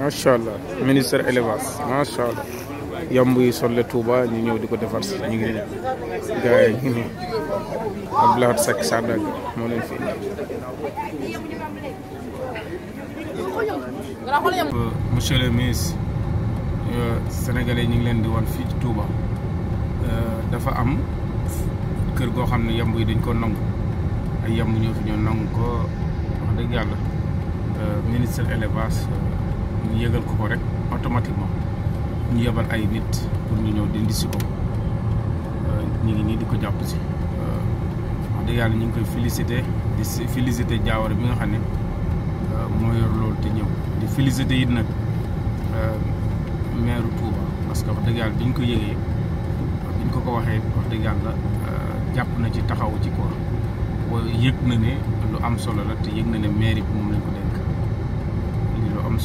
macha allah ministère élevage macha allah yamb yi solle Touba ñu ñëw di ko defar si ñu ngi gaa yi ñu ngi Abdoulaye Seck Sadaga moo leen fi indi. monsieur le ministre euh, sénégalais ñu ngi leen di wan fii ci Touba euh, dafa am kër goo xam ne yamb yi dañ ko nangu ay yamb ñoo fi ñoo nangu ko wax ministre euh, élevage euh, ñu yëgal ko ko rek automatiquement ñu yebal ay nit pour ñu ñëw dindi si ko euh, ñu ngi nii di ko jàpp si wax dëgg yàlla ñu ngi koy félicité di félicité Diawara bi nga xam ne moo yor loolu te ñëw di félicité it nag maire Touba parce que wax dëgg yàlla biñ ko yëgee biñ ko ko waxee wax dëgg yàlla jàpp na ci taxaw ci quoi yëg na ne lu am solo la te yëg na ne maire bi moom lañ ko def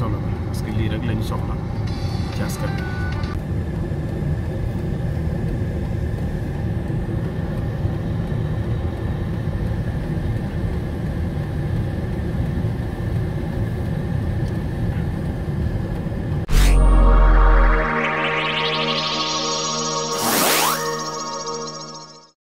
solo la parce que lii rek lañu soxla ci askan